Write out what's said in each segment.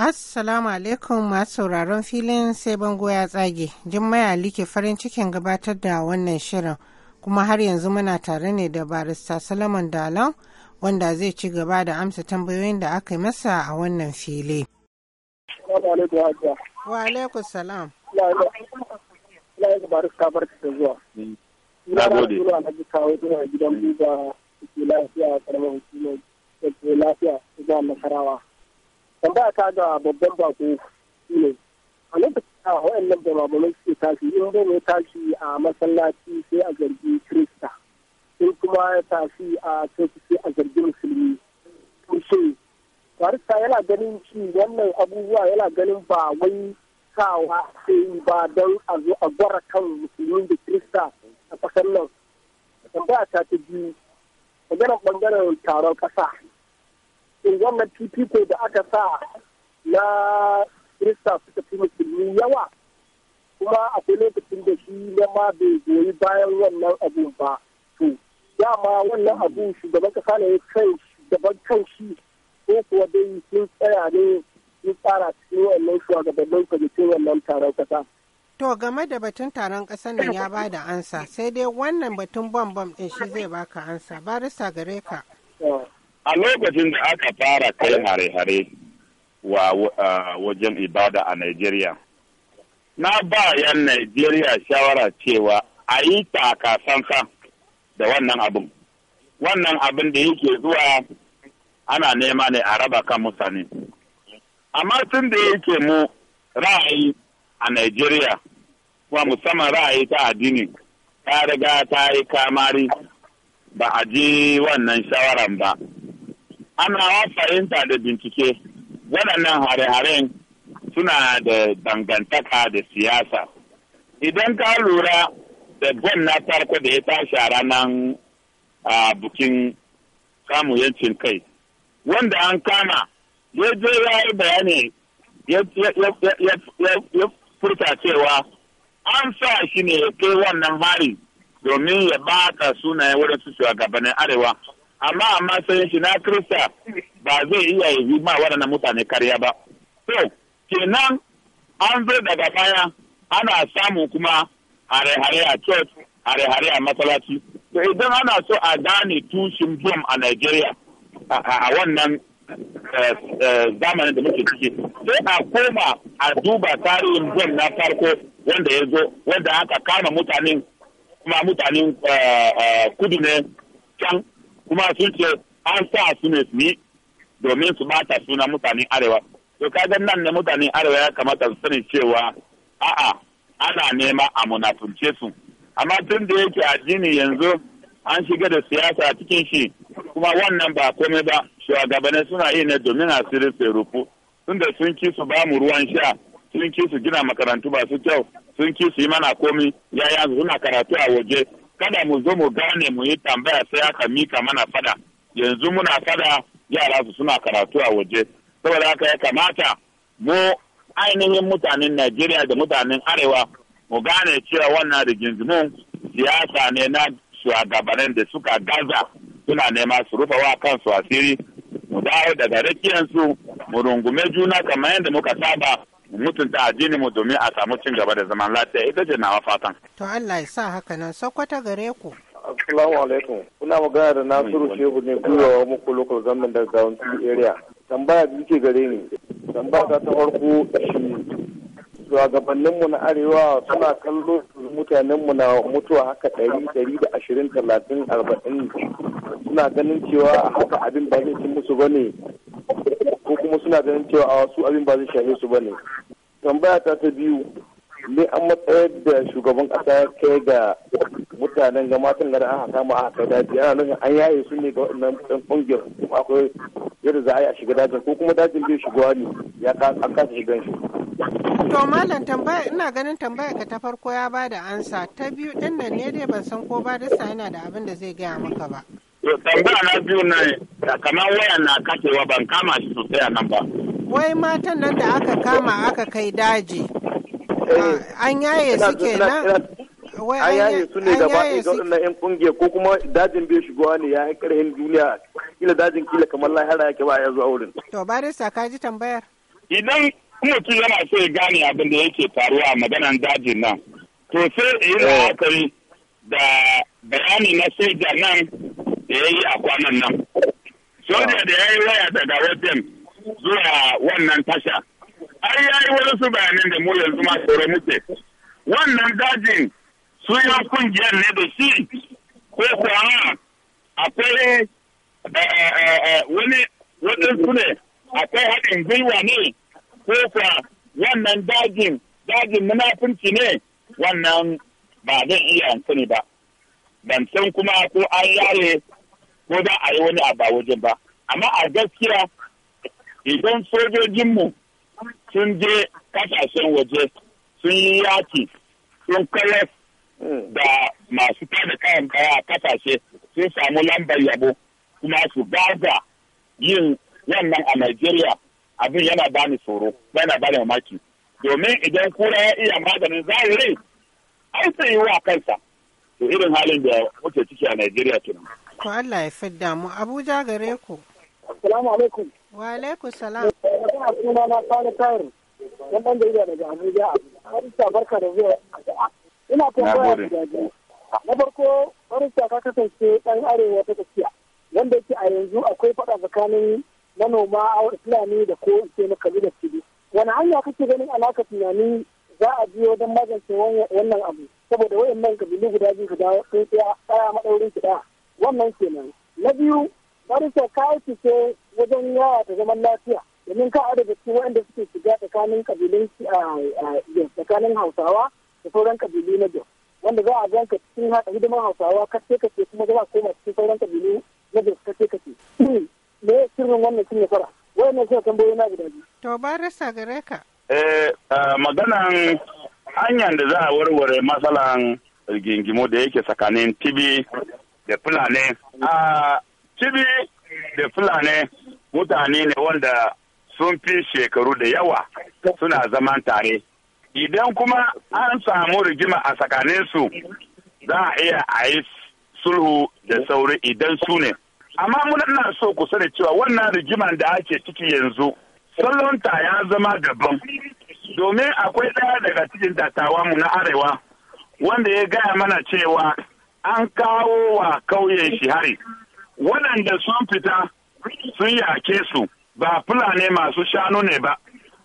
Assalamu alaikum masu sauraron filin sai bango ya tsage. Jummaya like farin cikin gabatar da wannan shirin kuma har yanzu muna tare ne da barista Solomon Dalon wanda zai ci gaba da amsa tambayoyin da aka masa a wannan fili. Wa alaikum salam. barista barka tambaya ta ga babban bako ne a lokacin da waɗannan bamabamai suke tashi in bai ne tashi a masallaci sai a zargi kirista in kuma ya tashi a coci sai a zargi musulmi to shi barista yana ganin ci wannan abubuwa yana ganin ba wai sawa sai ba don a zo a gwara kan musulmi da kirista a ƙasar nan tambaya ta ta biyu ganin bangaren taron ƙasa wannan fifiko da aka sa na kirista suka fi musulmi yawa kuma akwai lokacin da shi ma bai goyi bayan wannan abu ba to dama wannan abu shugaban kasa ne kai shugaban kan shi ko kuwa dai sun tsaya ne sun tsara cikin wannan shugabannin kwamitin wannan taron kasa To game da batun taron kasan nan ya ba da ansa sai dai wannan batun bambam ɗin shi zai baka ansa barista gare ka. a lokacin da aka fara kai hare-hare wa wajen ibada a Najeriya. Na ba 'yan Najeriya shawara cewa a yi takasansa da wannan abin. Wannan abin da yake zuwa ana nema ne a raba kan mutane. Amma tun da yake mu ra'ayi a Najeriya, wa musamman ra'ayi ta addini, ta riga ta yi kamari ba a ji wannan shawaran ba. ana fahimta da bincike waɗannan hare-haren suna da dangantaka da siyasa idan ka lura da bon na farko da ya tashi a ranar bukin samun yancin kai wanda an kama ya je ya yi bayani ya furta cewa an sa shi ne ya kai wannan hari domin ya bata sunayen waɗansu shugabannin arewa amma a matsayin shi na krista ba zai iya yi ma waɗannan mutane karya ba so kenan an zo daga baya ana samu kuma hare-hare a church hare-hare a masallaci to idan ana so a gane tushen bom a nigeria a wannan eh, eh, zamanin da muke ciki sai a koma a duba tarihin bom na farko wanda ya zo wanda aka kama mutanen kuma mutanen eh, kudu ne can kuma sun ce an sa su ne su yi domin su bata suna mutanen arewa to kaga nan ne mutanen arewa ya kamata su sani cewa a'a ana nema a munafunce su amma tun da yake addini yanzu an shiga da siyasa a cikin shi kuma wannan ba komai ba shugabannin suna yi ne domin asirin sai rufu da sun ki su bamu ruwan sha sun ki su gina makarantu ba su kyau sun ki su yi mana komi yaya suna karatu a waje kada mu zo mu gane mu yi tambaya sai aka mika mana fada yanzu muna fada yara su suna karatu a waje saboda haka ya kamata mu ainihin mutanen Najeriya da mutanen Arewa mu gane cewa wannan rigingimun siyasa ne na shugabannin da suka gaza suna nema su rufe wa kansu asiri mu dawo daga rakiyansu mu rungume juna kamar yadda muka saba mutunta addini mu domin a samu cin gaba da zaman lafiya ita ce nawa fatan. To Allah ya sa haka nan Sokoto gare ku. Assalamu alaikum. Kuna magana da Nasiru hmm. Shehu ne gwiwa muku local government daga Gawanti area. Tambaya da ke gare ni. Tambaya ta ta farko shi mu na arewa suna kallo mutanenmu na mutuwa haka ɗari ɗari da ashirin talatin arba'in suna ganin cewa haka abin ba zai cin musu ba ne ko kuma suna ganin cewa a wasu abin ba zai shafe su ba ne tambaya ta ta biyu ne an matsayar da shugaban kasa kai ga mutanen ga matan gara aka kama aka daji ana nufin an yaye su ne ga wannan dan kungiyar kuma akwai yadda za a yi a shiga dajin ko kuma dajin bai shigowa ne ya an kasa shigan shi. to malam tambaya ina ganin tambaya ka ta farko ya ba da ansa ta biyu din nan ne dai ban san ko ba sa yana da abin da zai gaya maka ba. to tambaya na biyu na kamar waya na kacewa ban kama shi sosai a nan ba. wai matan nan da aka kama aka kai daji eh, an yaye su kenan an yaye su ne gaba ɗaya ga waɗannan 'yan ƙungiyar ko kuma dajin bai shigowa ne ya karhin duniya kila dajin kila kamar lahara yake ba ya zuwa wurin. to barista ka ji tambayar. idan mutum yana so ya gane abin da yake faruwa a maganan dajin nan to sai yi eh. la'akari da bayani na soja nan da ya yi a kwanan nan. soja da ya yi waya daga wajen zuwa wannan tasha ai ya yi wasu bayanan da mu yanzu ma tsoron muke wannan dajin su yi kungiyar ne da shi ko kuwa akwai eh, eh, eh, wani waɗansu ne akwai haɗin gwiwa ne ko kuwa wannan dajin dajin munafunci ne wannan ba zan iya sani ba ban san kuma ko an yare ko za a yi wani abawajin ba amma a gaskiya idan sojojinmu sun je kasashe waje sun yi yaki sun kare da masu tada kayan a kasashe sun samu lambar yabo kuma su gaza yin wannan a Najeriya abin yana bani tsoro yana bani mamaki domin idan kura ya iya maganin zahiri ai sai wa kansa to irin halin da muke ciki a Najeriya kenan. Ko Allah Abuja gare ku. Wa alaikum salam. Ina suna na Sani Tayiru. Dan dan jarida daga Abuja. Barista barka da zuwa. Ina tambaya da jaji. Na farko barista ka kasance ɗan arewa ta tafiya. Wanda yake a yanzu akwai faɗa tsakanin manoma a Fulani da ko ce na kabilar Tibi. Wani hanya kake ganin alaka tunani za a biyo don magance wannan abu saboda wayannan kabilu guda biyu guda sun tsaya tsaya madaurin su ɗaya wannan kenan na biyu barista ka ce wajen yawa da zaman lafiya domin ka daga cikin waɗanda suke shiga tsakanin kabilun tsakanin hausawa da sauran kabilu na jos wanda za a ka cikin hidimar hausawa kace kace kuma za a koma cikin sauran kabilu na jos kace kace me ya sirrin wannan cin nasara wayannan suka tambayoyi na guda biyu. to ba rasa gare ka. eh maganan hanyar da za a warware matsalan gingimo da yake tsakanin tibi da fulani a tibi da fulani mutane ne wanda sun fi shekaru da yawa suna zaman tare idan kuma an samu rigima a tsakaninsu za a iya a yi sulhu da sauri idan su ne amma muna so kusa da cewa wannan rigiman da ake ciki yanzu salonta ya zama gaban. domin akwai ɗaya daga cikin dattawa mu na arewa wanda ya gaya mana cewa an kawo wa kauye shi hari waɗanda sun fita sun ake su ba fulani masu shanu ne ba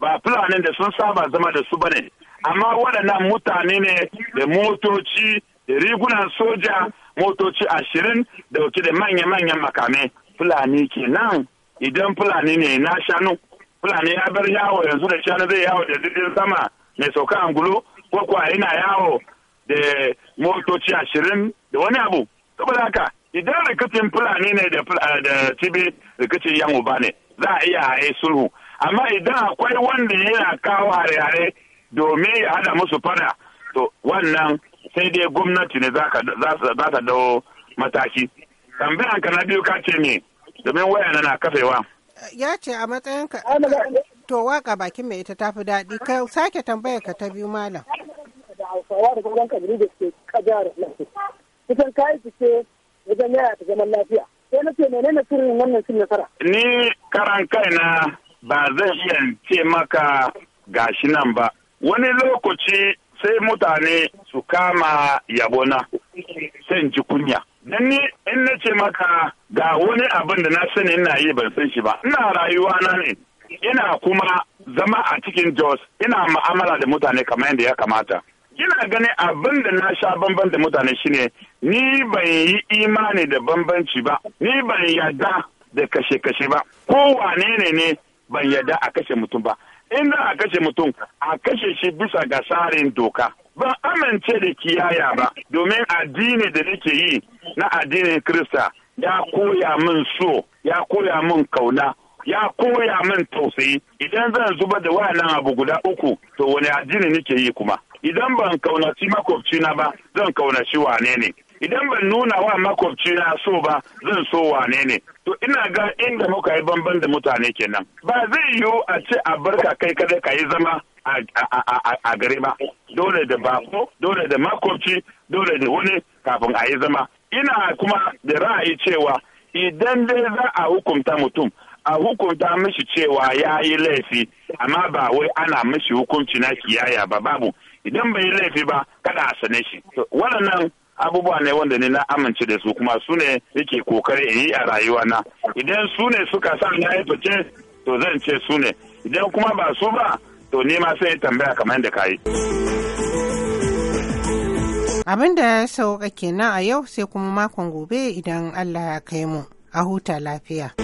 ba fulani da sun saba zama da su bane amma waɗannan mutane ne da motoci da rigunan soja motoci ashirin da wuce da manya-manyan makamai fulani nan idan fulani ne na shanu fulani ya bar yawo yanzu da shanu zai yawo da jirgin sama mai sauka angulo ko kuwa yana yawo da motoci ashirin da wani abu saboda haka idan rikicin fulani ne da cibi rikicin yan uba ne za a iya haye sulhu amma idan akwai wanda yana kawo hare-hare domin ya hada musu fada to wannan sai dai gwamnati ne za ta dawo mataki tambayan ka na biyu ka ce ne domin waya na kafewa ya ce a matsayin ka to waka bakin mai ita tafi daɗi ka sake tambayar ka ta biyu malam da hausawa da da ke kajar kayi fice wajen yaya ta zaman lafiya sai na ce menene sirrin wannan cin nasara ni karan kaina ba zan iya ce maka gashi nan ba wani lokaci sai mutane su kama yabona sai ji kunya dan ni in na ce maka ga wani abin da na sani ina yi ban san shi ba ina rayuwa na ne ina kuma zama a cikin jos ina ma'amala da mutane kamar yadda ya kamata ina ganin abin da na sha bamban da mutane shine ni ban yi imani da bambanci ba ni ban yadda da kashe-kashe ba ko wane ne ne ban yadda a kashe mutum ba in a kashe mutum a kashe shi bisa ga tsarin doka ban amince da kiyaya ba domin addini da nake yi na addinin krista ya koya min so ya koya min kauna ya koya min tausayi idan zan zuba da wannan abu guda uku to wani addini nake yi kuma idan ban kaunaci makwabcina ba zan kaunaci wane ne idan ban nuna wa makwabcina so ba zan so wane ne to ina ga inda muka yi bamban da mutane kenan ba zai yiwu a ce a barka kai kada ka yi zama a gare ba dole da bako dole da makwabci dole da wani kafin a yi zama ina kuma da ra'ayi cewa idan dai za a hukunta mutum a hukunta mishi cewa ya yi laifi amma ba wai ana mishi hukunci na kiyaya ba babu idan bai yi laifi ba kada a sane shi waɗannan abubuwa ne wanda ni na amince da su kuma su ne yake kokari in yi a rayuwa na idan su ne suka sa na yi fice to zan ce su ne idan kuma ba su ba to ni ma sai tambaya kamar yadda ka yi. Abin da ya sauka kenan a yau sai kuma makon gobe idan Allah ya kai mu a huta lafiya.